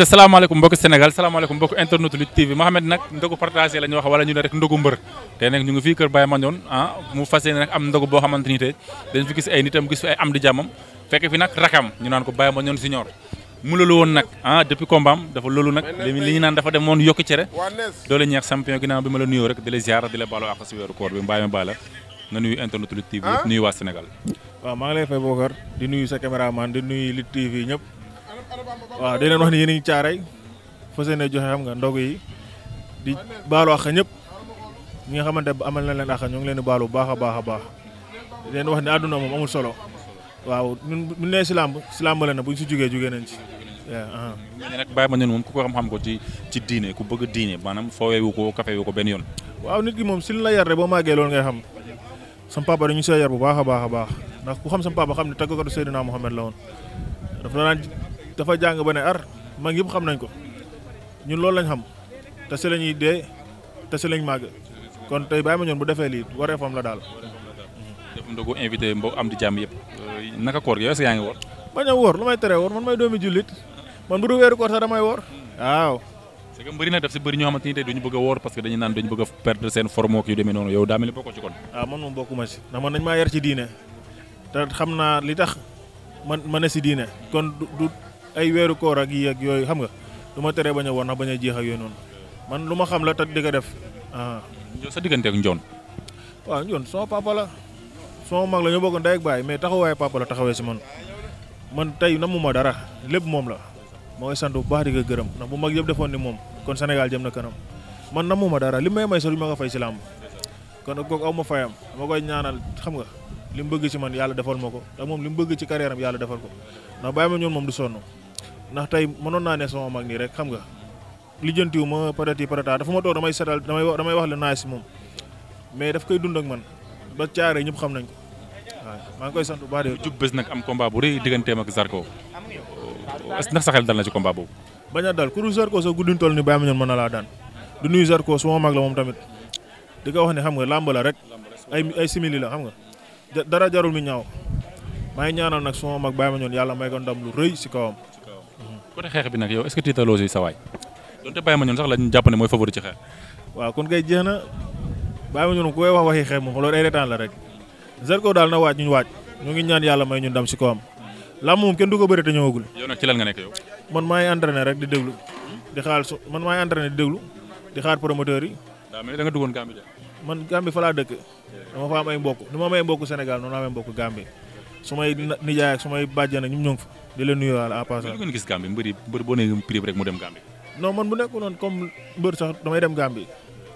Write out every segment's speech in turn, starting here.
ayca salaamaaleykum mbokki Sénégal salaamaaleykum mbokki internet Lutte TV Mouhamed nag ndogu partagé la ñu wax wala ñu ne rek ndogu mbër te nag ñu ngi fii kër Baye Mandione ah, boo xamante ni te dañ fi gis ay nitam gis fi ay am di ñu naan ko Baye Mandione Senior mu woon nag ah depuis combat am dafa loolu nag li ñu naan dafa dem woon yokki cere doole ñeex champion ginnaaw bi ma la nuyoo rek di la ziar di ma internet Lutte TV yëpp ah? waa Sénégal maa ngi lay fay Bokar di nuyu sa caméraman di nuyu Lutte TV ñëpp waaw di leen wax ni yéen a ngi caaray fas yéene joxe xam nga ndog yi di baalu àq ñëpp ñi nga xamante amal na leen àq ñoo ngi leen di baalu bu baax a baax a baax di leen wax ne àdduna moom amul solo waaw ñun nee si làmb si làmb la na bu ñu si jógee jógee nañ ci. waaw. Uh-huh. mais ma ne moom ku ko xam-xam ko ci ci diine ku bëgg diine maanaam foowee wu ko kafe ko benn yoon. waaw nit ki moom si la yar rek boo màggee loolu ngay xam sam papa dañu see yar bu baax a baax a baax ndax ku xam sam papa xam ne tàggatu Seydina Mohamed la woon dafa daan dafa jàng ba ne ar mag yëpp xam nañ ko ñun loolu lañ xam te si la ñuy dee te si lañ màgg kon tey bàyyi ma ñoon bu defee lii wareefam la daal. wareefam da ko invité mbo am di jàmm yëpp. Euh, naka koor gi yaa ngi woor. a woor lu may teree woor man may doomi jullit man bu du weeru koor sax damay woor waaw. c'est que mbëri na daf si woor parce que dañu naan duñu bëgg a perdre seen forme ak yu demee noonu ah, diine te xam naa li tax man ma ne si diine kon du ay weeru koor ak yi ak yooyu xam nga lu ma teree bañ a woon ndax bañ a jeex ak yooyu noonu man lu ma xam la ta di ko def ah. sa diggante ak Njoon. waaw Njoon sama papa la sama mag la ñu bokk baay mais taxawaay papa la taxawee si man man tey namuma dara lépp moom la ma koy sant bu baax di ko gërëm ndax bu mag yëpp defoon ni moom kon Sénégal jëm na kanam man namuma dara li may may sax du ma nga fay si làmb kon kooku aw ma fayam ma koy ñaanal xam nga. li mu bëgg ci man yàlla defal ma ko moom li mu bëgg ci carrière am yàlla defal ndax bàyyi ma ñoon moom du sonn ndax tey mënoon naa ne sama mag nii rek xam nga lijjantiwu ma peut-être yi peut dafa ma toog damay setal damay damay wax le naaj si moom mais daf koy dund ak man ba caare ñëpp xam nañ maa ngi koy sant bu baax bés nag am combat bu rëy digganteem ak Zarko ndax sa xel dal na ci combat boobu. bañ a dal ku dul Zarko soo gudduñ toll ni bàyyi ma ñoon mën na laa daan du nuyu Zarko su ma mag la moom tamit di ko wax ne xam nga làmb la rek ay ay simili la xam nga dara jarul mi ñaaw maa ngi ñaanal nag suma mag bàyyi ma ñoon yàlla may ko ndam lu rëy si kawam. si kawam côté xeex bi nag yow est-ce que tiitaloo si sa waay donte bàyyi ma ñoon sax la ñu jàpp ne mooy favori ci xeex. waaw kon kay jeex na bàyyi ma ñoon ku koy wax waxi xeex moom loolu ay retaan la rek Zarko daal na waaj ñu waaj ñu ngi ñaan yàlla may ñu ndam si kawam lam moom kenn du ko bëri te ñëwagul. man maay entraîné rek di déglu di xaar promoteur yi. man Gambie falaa laa dëkk dama fa am ay mbokk ni ma amee mbokk Sénégal noonu laa amee mbokk Gambie su may nijaay ak su may bàjjana ñum ñoo ngi fa di leen nuyuwaale en passant. ngeen gis Gambie mbëri mbër boo nee prix rek mu dem Gambie. non man bu nekku noonu comme mbër sax damay dem Gambie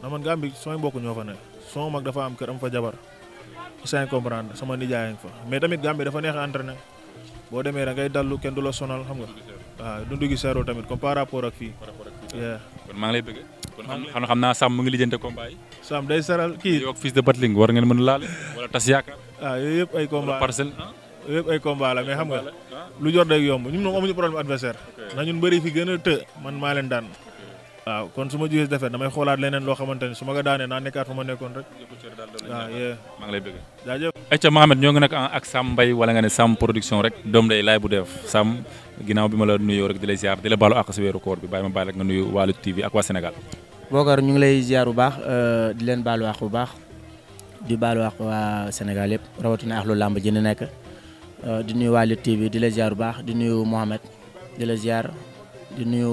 ndax man Gambie samay mbokk ñoo fa na sama mag dafa am kër am fa jabar sans comprendre sama nijaay nga fa mais tamit Gambie dafa neex a boo demee da ay dallu kenn du la sonal xam nga waaw dundu gi seerul tamit comme par rapport ak fii. par rapport maa ngi lay kon xam naa Sam mu ngi lijjante combat yi. Sam day saral kii yow ak fils de Batling war ngeen mën a laale tas yaakaar. Ah, yooyu yëpp ay combat la parcelle ah. xam nga ah. lu jor day yomb ñun moom amuñu problème bëri fi maa leen daan waaw kon su ma jógee defee damay xoolaat leneen loo xamante ni su ma ko daanee naa nekkaat fu ma nekkoon rek waaw yee maa ngi lay bëgg jaajëf nekk ak Sam mbay wala nga ne Sam production rek doom day laay bu def Sam ginnaaw bi ma la nuyoo rek di lay ziar di la baalu àq weeru koor bi bàyyi ma bàyyi rek nga nuyu waa TV ak waa Sénégal Bokar ñu ngi lay ziar bu baax euh, di leen baal wax bu baax di baal wax waa Sénégal yëpp rawatina axlu làmb ji ni nekk euh, di nuyu waa Lutte TV di la ziar bu baax di nuyu Mohamed di la ziar di nuyu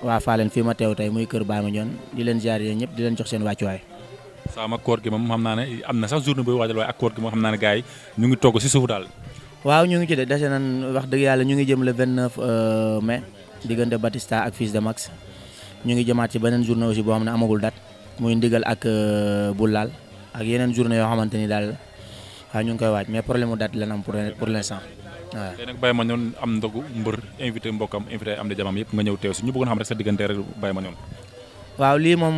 waa Fallène fii ma teew tey muy kër Baye Mandione di leen ziar yéen ñëpp di leen jox seen wàccuwaay. sama koor gi moom xam naa ne am na sax journée booy waajal waaye ak koor gi moom xam naa ne gars yi ñu ngi togg si suuf daal. waaw ñu ngi wax dëgg yàlla ñu ngi jëm le 29 euh, mai diggante Batista ak Fils de Max. ñu ngi jëmaat ci beneen journée aussi boo xam ne amagul date muy ndigal ak euh, bu laal ak yeneen journée yoo xamante ni daal waaw ñu ngi koy waaj mais problème mu date lan am pour pour l' instant waaw. tey nag Baye Mandione invité mbokkam invité am di jamam yëpp nga ñëw teew si ñu bëggoon xam rek sa diggante rek Baye waaw lii moom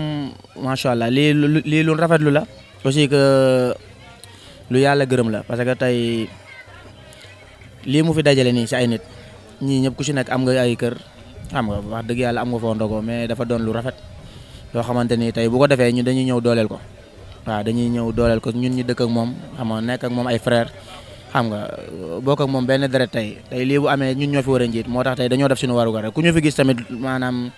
macha allah lii lu lii lu rafetlu la aussi que lu yàlla gërëm la parce que tey lii mu fi dajale nii si ay nit ñii ñëpp ku si nekk am nga ay kër. xam nga wax dëgg yàlla am nga foo ndogoo mais dafa doon lu rafet loo xamante ni tey bu ko defee ñu dañuy ñëw dooleel ko waaw dañuy ñëw dooleel ko ñun ñu dëkk ak moom xam nekk moom ay frère xam nga euh, bokk ak moom benn deret tey lii bu amee ñun ñoo fi war a njiit moo tax tey dañoo def suñu warugar rek ku ñu fi gis tamit maanaam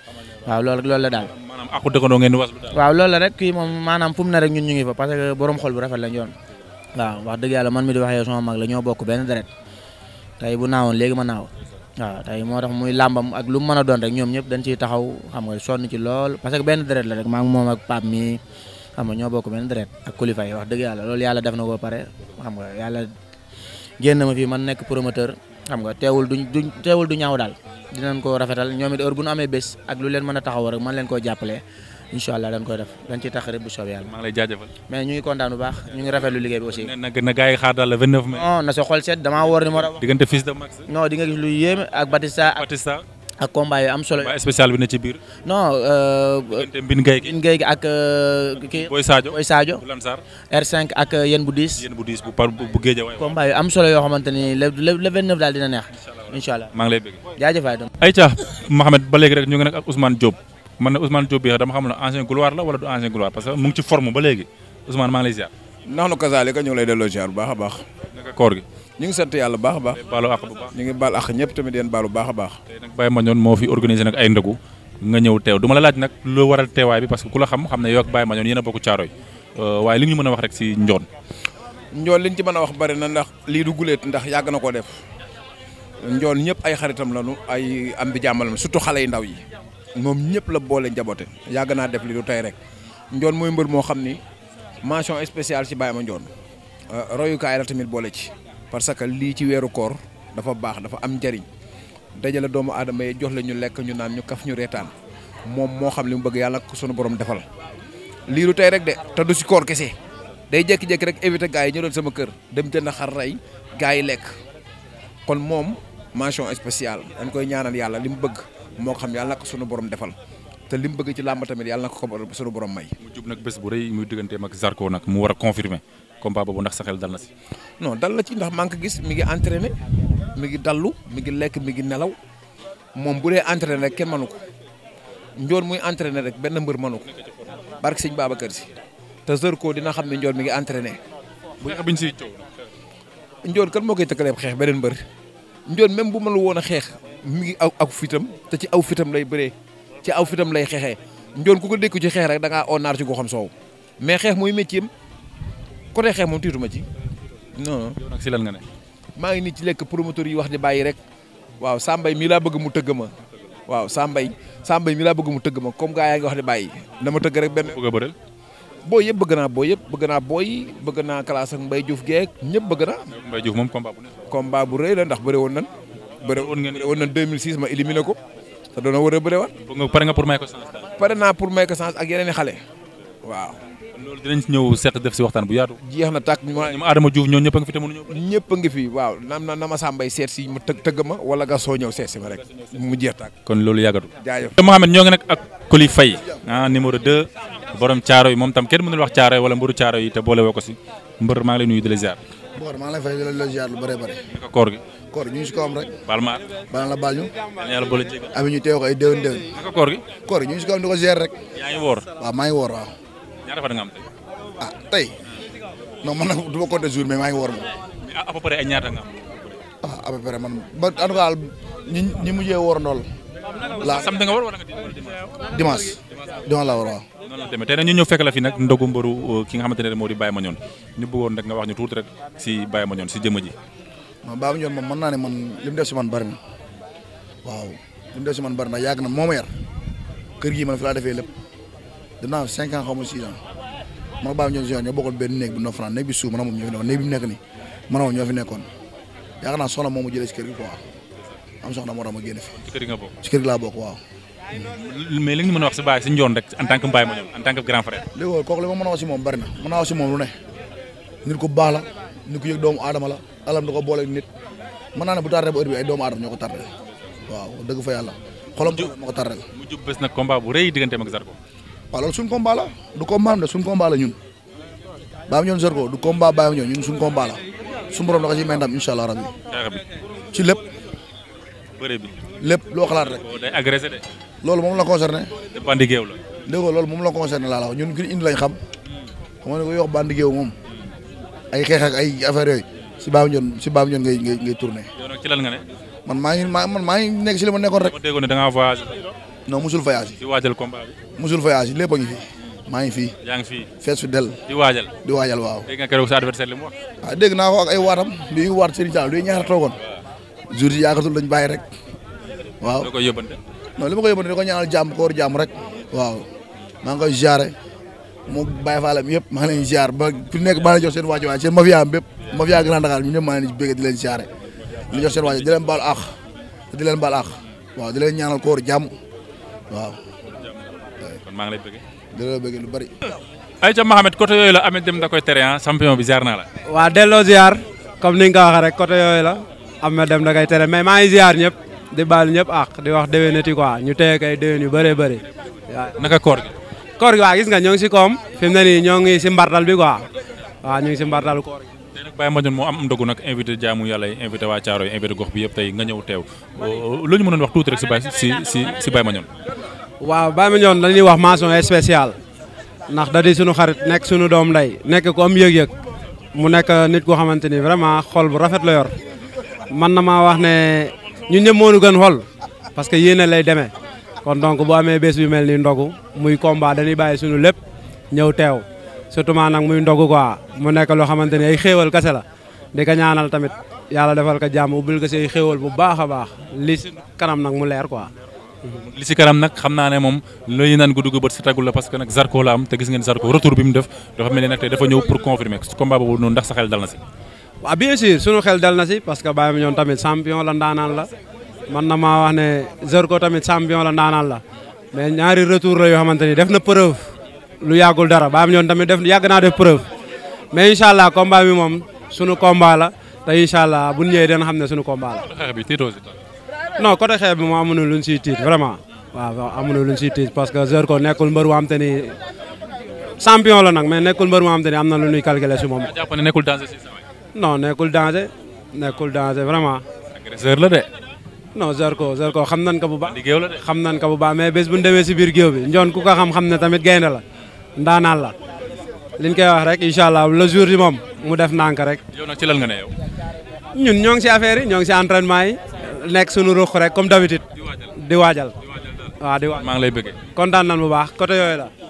waaw lool la daal aku dëkkandoo ngeen di waslu waaw lool la rek kii moom maanaam fu mu ne rek ñun ñu ngi fa parce que borom xol bu rafet lañ yoon waaw wax dëgg yàlla man mi di waxee sama mag la ñoo bokk benn deret tey bu naawoon léegi ma naaw waaw tey moo tax muy làmbam ak lu mu mën a doon rek ñoom ñëpp dañ ciy taxaw xam nga sonn ci lool parce que benn deret la rek maak moom ak Pape mi xam nga ñoo bokk benn deret ak Koulibaly fay wax dëgg yàlla loolu yàlla def na ko pare xam nga yàlla génn ma fii man nekk promoteur xam nga teewul duñ duñ teewul du ñaaw daal leen koo rafetal ñoom it heure bu ñu amee bés ak lu leen mën a taxaw rek man leen koo jàppale incha allah koy def dañ ciy tax rek bu soobee yàlla. maa ngi lay jaajëfal. mais ñu ngi kontaan bu baax ñu ngi rafetlu liggéey bi aussi. na na yi xaar daal le 29 mai. non na sa gis lu yéeme ak Batista. ak combat yu am solo yi. spécial bi ne ci euh, gi ak euh, kii. Boy Sadio Boy Sadio. bu ak euh, yéen bu diis. yéen bu bu par bu géej waay. combat am solo yoo xamante ni le le 29 daal dina neex. incha allah maa ngi lay bëgg. jaajëf waay. ayca Mouhamed ba léegi rek ñu ngi nag ak Ousmane Diop man ne Ousmane Diop dama xam ne ancien gloire la wala du ancien gloire parce que mu ngi ci forme ba léegi Ousmane maa ngi lay ziar. ndax nu kazaalika ñu ngi lay delloo ziar bu baax a baax. koor gi. ñu ngi sant yàlla bu baax a baax. baalu àq baax baax a baax. tey nag Baye Mandione moo fi organisé nag ay ndëgu nga ñëw teew du ma la laaj nag lu waral teewaay bi parce que ku la xam xam ne yow ak Baye Mandione yéen a euh, waaye li ñu mën a wax rek si njoon njoon liñ ci mën a wax bari na ndax lii du guleet yàgg na koo def njoon ñëpp ay xaritam lañu ay am bi jàmmalam surtout xale yi ndaw yi moom ñëpp la boole njaboote yàgg naa def li du tey rek njoon mooy mbër moo xam ni mansion spéciale ci ma Mandione euh, royukaay la tamit boole ci parce que lii ci weeru koor dafa baax dafa am njariñ dajale doomu aadama yi jox la ñu lekk ñu naan ñu kaf ñu reetaan moom moo xam li mu bëgg yàlla sunu borom defal lii lu tey rek de te du si koor kese day jékki-jékki rek éviter gars yi ñu doon sama kër dem jënd xar rey gars yi lekk kon moom mansion spéciale dañ koy ñaanal yàlla li mu bëgg moo xam yàlla na ko sunu boroom defal te li mu bëgg ci làmb tamit yàlla na ko ko sunu borom may. nag bés bu rëy muy digganteem ak Zarko nag mu war a confirmer combat boobu ndax sa xel dal na si. non dal na ci ndax maa ko gis mi ngi entraîné mi ngi dallu mi ngi lekk mi ngi nelaw moom bu dee entraîné rek kenn mënu ko njoon muy entraîné rek benn mbër mënu ko barke baaba kër si te ko dina xam ne njoon mi ngi entraîné. bu xeex bi ñu siy coow. njoon kan moo koy tëkkaleeb xeex beneen mbër njoon même bu mënul woon a xeex mu ngi aw ak fitam te ci aw fitam lay bëree ci aw fitam lay xeexee njoon ku ko dékku ci xeex rek danga ngaa oo naar ci goxam soow mais xeex mooy métier am côté xeex moom tiituma ci non si lan nga ne. maa ngi nii ci lekk promoteur yi wax di bàyyi rek waaw Sambay mii laa bëgg mu tëgg ma waaw Sambay Sambay mii laa bëgg mu tëgg ma comme gaa yaa ngi wax di bàyyi dama tëgg rek benn. boo yëpp bëgg naa boo yëpp bëgg naa booy bëgg naa classe ak Mbaye Diouf geek ñëpp bëgg naa. Mbaye Diouf moom combat bu ne. rëy la ndax bëri woon na bëre woon ngeen woon na 2006 ma éliminé ko te doon na a bëre waat. pare nga pour may ko chance. yeneen i xale. waaw. loolu dinañ si ñëw seq waxtaan bu yaatu. jeex na tàkk ma ma Adama Diouf ñoo ñëpp ngi fi te mënuñu. ñëpp a ngi fi waaw na ma Sambay seet si ma tëgg ma wala nga soo ñëw seet si ma rek mu jeex tàkk. kon loolu yàggatu. jaajëf Mouhamed ñoo ngi nag ak Coly Faye ah numéro 2 borom caaro yi moom tam kenn mënul wax caaro wala mburu caaro yi te boole woo ko si mbër maa ngi lay fay di la ziar lu bëree bëri. koor gi koor ñu ngi si kawam rek. baal ma baal la baal ñu. yàlla boole jégal. ami ñu teew ko ay déwén déwén. koor koor gi ñu ngi si kawam di ko gérer rek. yaa ngi woor. waaw maa ngi woor waaw. ñaata fan nga am tey. ah tey nag du ma compter jour mais maa ngi woor moom. mais à ñaata nga am. ah man ba en tout cas ñi ñi mujjee woor ndool. la samedi nga woor wala dimanche. dimanche la woor waaw. noonu la demee ñu ñëw fekk la fi nag ndogu mbëru uh, ki nga xamante ne moo di Baye Mandione ñu bëggoon nag nga wax ñu tuuti rek si Baye Mandione si jëmm ji ma Baba Ndiol moom mën naa ne man li mu def si man bari na waaw li mu def si man bari na yàgg na moo ma yar kër gii man fi laa defee lépp dinaa cinq ans xaw ma six ans man Baba Ndiol Junior ñoo bokkoon benn néeg bu neuf francs néeg bi suuf man moom mu nekk nii man moom fi nekkoon yaakaar naa soxna moom mu jëlee si kër gi quoi am soxna moo tax ma fi. ci kër la nga bokk ci kër gi laa waaw. Mm. mais li nga a wax si rek en tant que Baye ma ñëw en tant que a moom lu ne nit ku baax ni ko yëg doomu aadama la alam da ko boole nit mën naa ne bu tardé ba heure bi ay doomu aadama ñoo ko tardé waaw dëgg fa yàlla xolam moo ko tardé mu jub bés nag combat bu rëy digganteem ak Zarko waaw loolu suñ combat la du combat am de suñ combat la ñun baam ñoon Zarko du combat baam ñoon ñun suñ combat la suñu borom da ko ci may ndam incha allah rabbi ci lépp bëre bi lépp loo xalaat rek day agressé de loolu moom la concerné bandi géew la déggoo loolu moom la concerné laa la ñun ki indi lañ xam hmm. xam nga ne ko yox bandi géew moom ay xeex ak ay affaire yooyu si baabu ñoon si baabu ñoon ngay ngay ngay tourné. yow nag ci lan nga ne. man maa ngi man maa ngi nekk si li ma nekkoon rek. ma déggoon ne da ngaa musul voyagé. di waajal combat bi. musul voyagé lépp a fi. maa ngi fii. yaa ngi fii. fees fi dell di waajal di waajal waaw. dégg nga keroog adversaire li mu wax. Ah, dégg naa ay waatam bi waat Serigne Sall bi ñaar toogoon. jour yi yaakatul lañ rek. waaw da koy yóbbante. li ma koy yóbbante da ko ñaanal jàmm koor jàmm rek. waaw maa nga koy jaare moo Baye Fallam yëpp maa ngi leen ziar ba fi nekk maa ngi seen wàccuwaay seen am bépp mafia Grand Dakar ñu ñëpp maa ngi leen di bëgg di leen ziare di jox seen di leen baal àq di leen baal àq waaw di leen ñaanal koor jàmm ngi lay bëgg. bëgg lu bari. Aïcha Mohamed côté yooyu la Ameth Deme da koy tere ah champion bi la. waa delloo ziar comme ni ko waxee rek côté yooyu la Ameth Deme da koy tere mais maa ngi ziar ñëpp di baal ñëpp di wax déwénati quoi ñu téye kay yu bare bëri naka koor koor gi waa gis nga ñoo si koom fi mu ne nii ñoo ngi si mbartal bi quoi waaw ñu si mbartal koor gi tey nag Baye Mandione moo am ndogu nag invité jaamu yàlla yi invité waa Thiaroye invité gox bi yëpp tey nga ñëw teew lu ñu mënoon wax tuuti rek si Baye si si si Baye Mandione waaw Baye Mandione wax mention spéciale ndax da di xarit nekk suñu doom lay nekk ko am yëg-yëg mu nekk nit koo xamante ni vraiment xol bu rafet la yor man na maa wax ne ñu ñëpp moo ñu gën parce que yéene lay demee kon donc bu amee bés bi mel ni ndogu muy combat dañuy bàyyi suñu lépp ñëw teew surtout nag muy ndogu quoi mu nekk loo xamante ni ay xéewal kase la di ko ñaanal tamit yàlla defal ko jaam ubbil ko say xéewal bu baax a baax li si kanam nag mu leer quoi. li si kanam nag xam naa ne moom looy naan gudd gu si tagul la parce que nag Zarko la am te gis ngeen Zarko retour bi mu def dafa mel ni nag tey dafa ñëw pour confirmer ko combat boobu noonu ndax sa xel que Baye man na maa wax ne Zarko tamit champion la naanaan la mais ñaari retour la yoo xamante ni def na preuve lu yàggul dara baam am tamit def yàgg naa def preuve mais incha allah combat bi moom sunu combat la te incha allah bu ñëwee dina xam ne sunu combat la. non côté xeex bi moom amuñu luñ siy tiit vraiment waaw amuñu lu siy tiit parce que Zarko nekkul mbër waa am te ni champion la nag mais nekkul mbër waa am te ni am na lu ñuy calculer si moom. non nekkul danger nekkul danger vraiment. agresseur non Zarko Zarko xam nan ko bu baax xam nan ko bu baax mais bés bu ñu demee si biir géew bi njoon ku ko xam-xam ne tamit gaynde la ndaanaan la liñ koy wax rek incha allah le jour bi mu def nànk rek. yow nag ngi si affaire yi ñoo ngi si entraînement yi nekk suñu ruux rek comme d'habitude di waajal di di waajal maa ngi lay nan bu baax côté yooyu la